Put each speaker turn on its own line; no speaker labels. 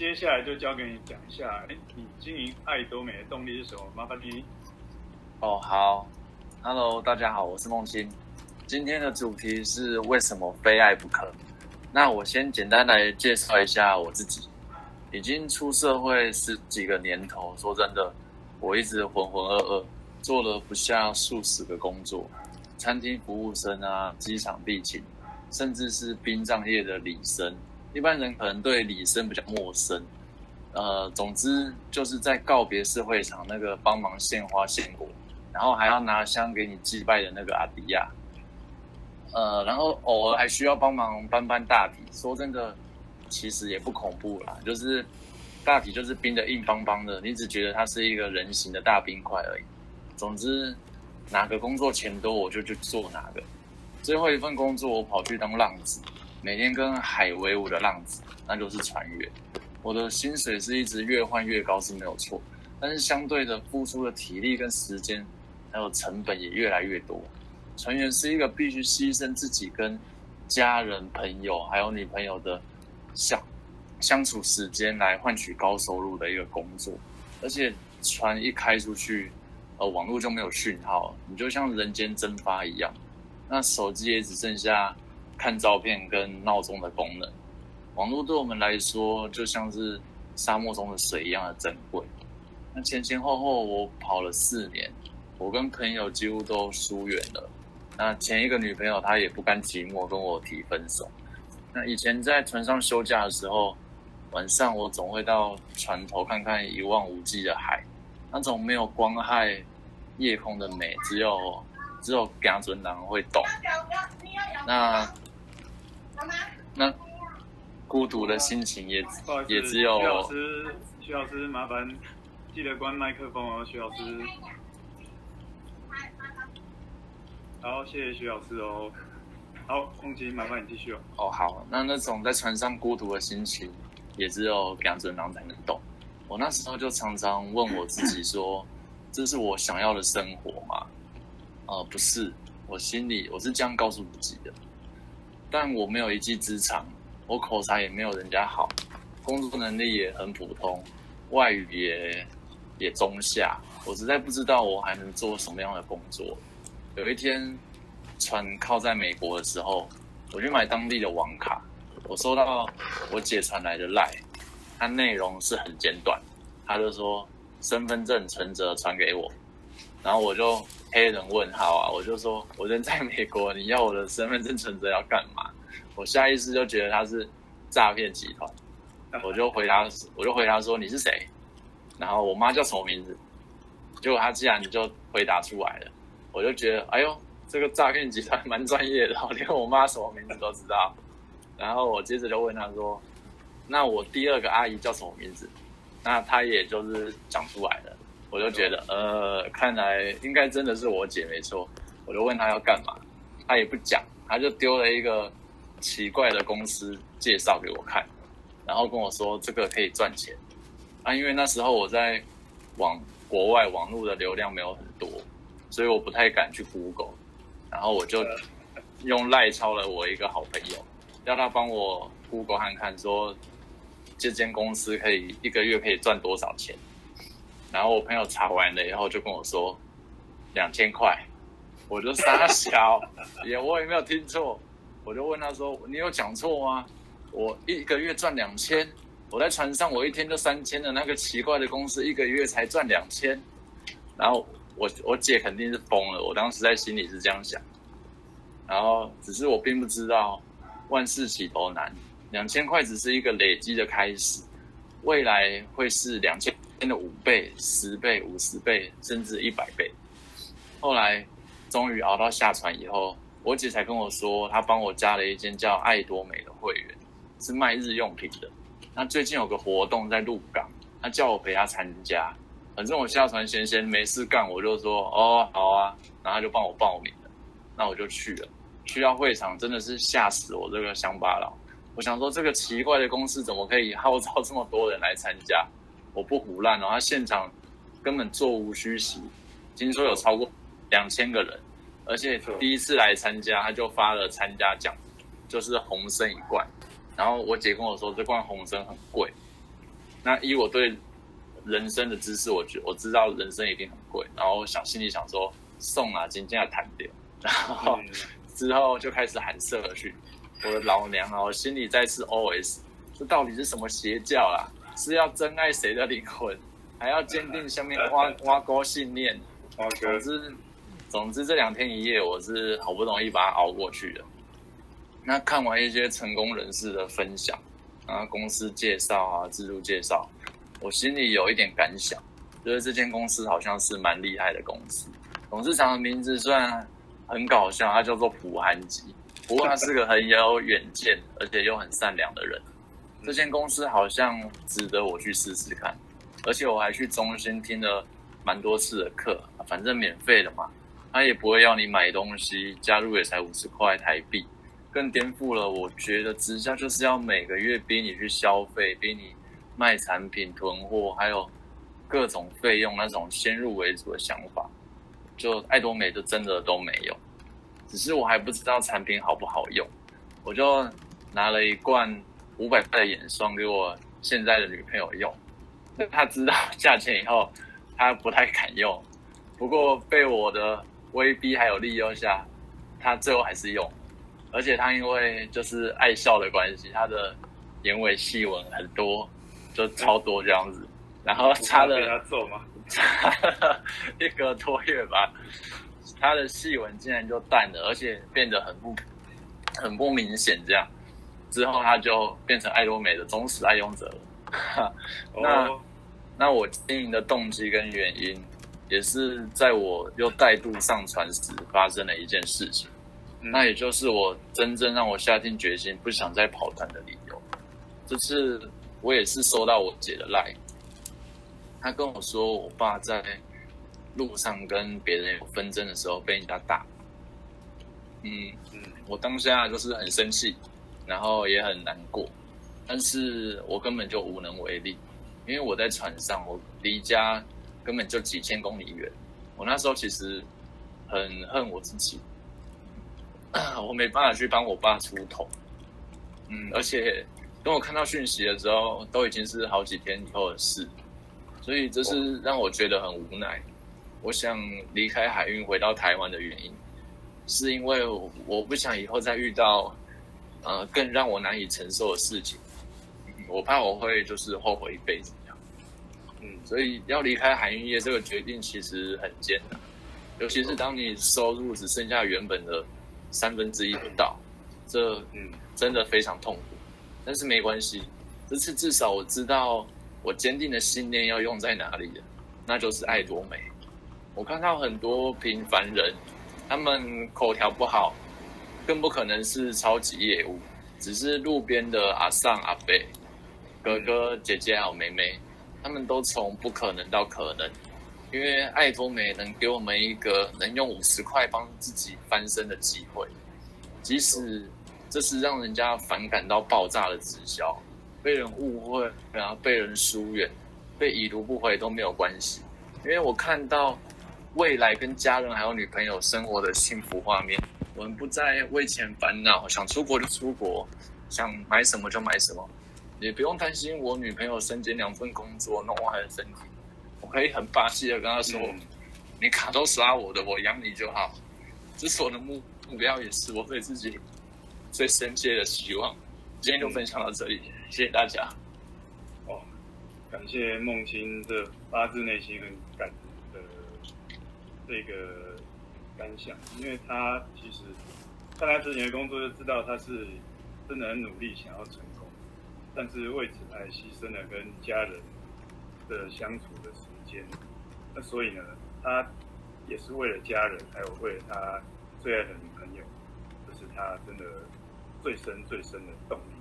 接下來就交給你講一下，哎，你經營愛多美的動力是什麼？麻煩你。哦，好，Hello，大家好，我是夢清，今天的主題是為什麼非愛不可。那我先簡單來介紹一下我自己，已經出社會十幾個年頭，說真的，我一直渾渾噩噩，做了不下數十個工作，餐廳服務生啊，機場地勤，甚至是殯葬業的禮生。一般人可能對禮生比較陌生，呃，總之就是在告別式會場那個幫忙獻花獻果，然後還要拿香給你祭拜的那個阿迪亞，呃，然後偶爾還需要幫忙搬搬大體。說真的，其實也不恐怖啦，就是大體就是冰得硬邦邦的，你只覺得它是一個人形的大冰塊而已。總之，哪個工作錢多我就去做哪個。最後一份工作我跑去當浪子。每天跟海為伍的浪子，那就是船員。我的薪水是一直越換越高是沒有錯，但是相對的，付出的體力跟時間，還有成本也越來越多。船員是一個必須犧牲自己跟家人、朋友還有女朋友的相相處時間來換取高收入的一個工作，而且船一開出去，呃，網絡就沒有訊號，你就像人間蒸發一樣，那手機也只剩下。看照片跟鬧鐘的功能，網絡對我們來說就像是沙漠中的水一樣的珍貴。那前前後後我跑了四年，我跟朋友幾乎都疏遠了。那前一個女朋友她也不甘寂寞，跟我提分手。那以前在船上休假的時候，晚上我總會到船頭看看一望無際的海，那種沒有光害夜空的美，只有只有港准男會懂。
那。
那孤獨的心情也也只有徐老師，徐老師麻煩記得關麥克風哦，徐老師。好，謝謝徐老師哦。好，夢琪麻煩你繼續哦。哦，好。那那種在船上孤獨的心情，也只有兩只狼才能懂。我那時候就常常問我自己說：“ 這是我想要的生活嗎？”哦、呃，不是，我心裡我是這樣告訴自己的。但我沒有一技之長，我口才也沒有人家好，工作能力也很普通，外語也也中下，我實在不知道我還能做什麼樣的工作。有一天，船靠在美國的時候，我去買當地的網卡，我收到我姐傳來的賴，它內容是很簡短，她就說身份證存折傳給我。然後我就黑人問號啊，我就說，我人在，在美國，你要我的身份證存折要幹嘛？我下意識就覺得他是詐騙集團，我就回答，我就回答說，你是誰？然後我媽叫什麼名字？結果他竟然就回答出來了，我就覺得，哎呦，這個詐騙集團蠻專業的哦，連我媽什麼名字都知道。然後我接着就問他說，那我第二個阿姨叫什麼名字？那他也就是講出來了。我就覺得，呃，看來應該真的是我姐沒錯。我就問她要幹嘛，她也不講，她就丟了一個奇怪的公司介紹給我看，然後跟我說這個可以賺錢。啊。因為那時候我在網國外網絡的流量沒有很多，所以我不太敢去 Google。然後我就用賴敲了我一個好朋友，要他幫我 Google 看看，說這間公司可以一個月可以賺多少錢。然後我朋友查完了以後就跟我說，兩千塊，我就傻笑，也我也沒有聽錯，我就問他說你有講錯嗎？我一個月賺兩千，我在船上我一天就三千的那個奇怪的公司，一個月才賺兩千，然後我我姐肯定是瘋了，我當時在心裡是這樣想，然後只是我並不知道，萬事起頭難，兩千塊只是一個累積的開始，未來會是兩千。真的五倍、十倍、五十倍，甚至一百倍。後來，終於熬到下船以後，我姐才跟我說，她幫我加了一間叫愛多美的會員，是賣日用品的。那最近有個活動在鹿港，她叫我陪她參加。反正我下船閒閒沒事幹，我就說哦好啊，然後她就幫我報名了。那我就去了。去到會場真的是嚇死我這個鄉巴佬。我想說這個奇怪的公司怎麼可以號召這麼多人來參加？我不唬爛，然後現場根本座無虛席，聽說有超過兩千個人，而且第一次來參加，他就發了參加獎，就是紅參一罐。然後我姐跟我說，這罐紅參很貴。那以我對人參的知識，我覺我知道人參一定很貴。然後我想心裡想說送啊，今天要談掉，然後之後就開始喊社訓，我的老娘啊！我心裡再次 OS：這到底是什麼邪教啊？是要珍愛誰的靈魂，還要堅定下面挖挖溝信念。可是，嗯嗯嗯嗯嗯，總之這兩天一夜，我是好不容易把它熬過去的。那看完一些成功人士的分享啊，然後公司介紹啊，制度介紹，我心裡有一點感想，覺、就、得、是、這間公司好像是蠻厲害的公司。董事長的名字雖然很搞笑，他叫做朴韓吉。不過他是個很有遠見，而且又很善良的人。這間公司好像值得我去試試看，而且我還去中心聽了蠻多次的課，反正免費的嘛，他也不會要你買東西，加入也才五十塊台幣，更顛覆了我覺得直銷就是要每個月逼你去消費、逼你賣產品、囤貨，還有各種費用那種先入為主的想法。就艾多美就真的都沒有，只是我還不知道產品好不好用，我就拿了一罐五百塊的眼霜給我現在的女朋友用，她知道價錢以後，她不太敢用。不過被我的威逼還有利誘下，她最後還是用。而且她因為就是愛笑的關係，她的眼尾細紋很多，就超多這樣子。嗯、然後擦了要做嗎？擦了一個多月吧，她的細紋竟然就淡了，而且變得很不很不明顯這樣。之後他就變成艾多美的忠實愛用者了。oh. 那。那那我經營的動機跟原因，也是在我又再度上船時發生的一件事情。Mm hmm. 那也就是我真正讓我下定決心不想再跑團的理由，這、就是我也是收到我姐的賴，她跟我說，我爸在路上跟別人有紛爭的時候被人家打。嗯嗯，我當下就是很生氣。然後也很難過，但是我根本就無能為力，因為我在船上，我離家根本就幾千公里遠。我那時候其實很恨我自己，我沒辦法去幫我爸出頭。嗯，而且等我看到訊息的時候，都已經是好幾天以後的事，所以這是讓我覺得很無奈。我想離開海運，回到台灣的原因，是因為我不想以後再遇到。呃，更讓我難以承受的事情，我怕我會就是後悔一輩子這樣，嗯，所以要離開海運業這個決定其實很艱難，尤其是當你收入只剩下原本的三分之一不到，這嗯真的非常痛苦。但是沒關係，這次至少我知道我堅定的信念要用在哪裡了，那就是艾多美。我看到很多平凡人，他們口條不好。更不可能是超級業務，只是路邊的阿桑阿伯哥哥姐姐還有妹妹，他們都從不可能到可能，因為艾多美能給我們一個能用五十塊幫自己翻身的機會，即使這是讓人家反感到爆炸的直銷，被人誤會然後被人疏遠，被已讀不回都沒有關係，因為我看到未來跟家人還有女朋友生活的幸福畫面。我們不再為錢煩惱，想出國就出國，想買什麼就買什麼，也不用擔心我女朋友身兼兩份工作，弄壞了身體，我可以很霸氣的跟她說：“嗯、你卡都刷我的，我養你就好。”這是我的目目標，也是我對自己最深切的希望。嗯、今天就分享到這裡，謝謝大家。嗯、哦，感謝夢清的發自內心的感覺的這個。想，因為他其實，看他之前的工作就知道他是真的很努力想要成功，但是為此還犧牲了跟家人的相處的時間，那所以呢，他也是為了家人，還有為了他最愛的女朋友，這、就是他真的最深最深的動力。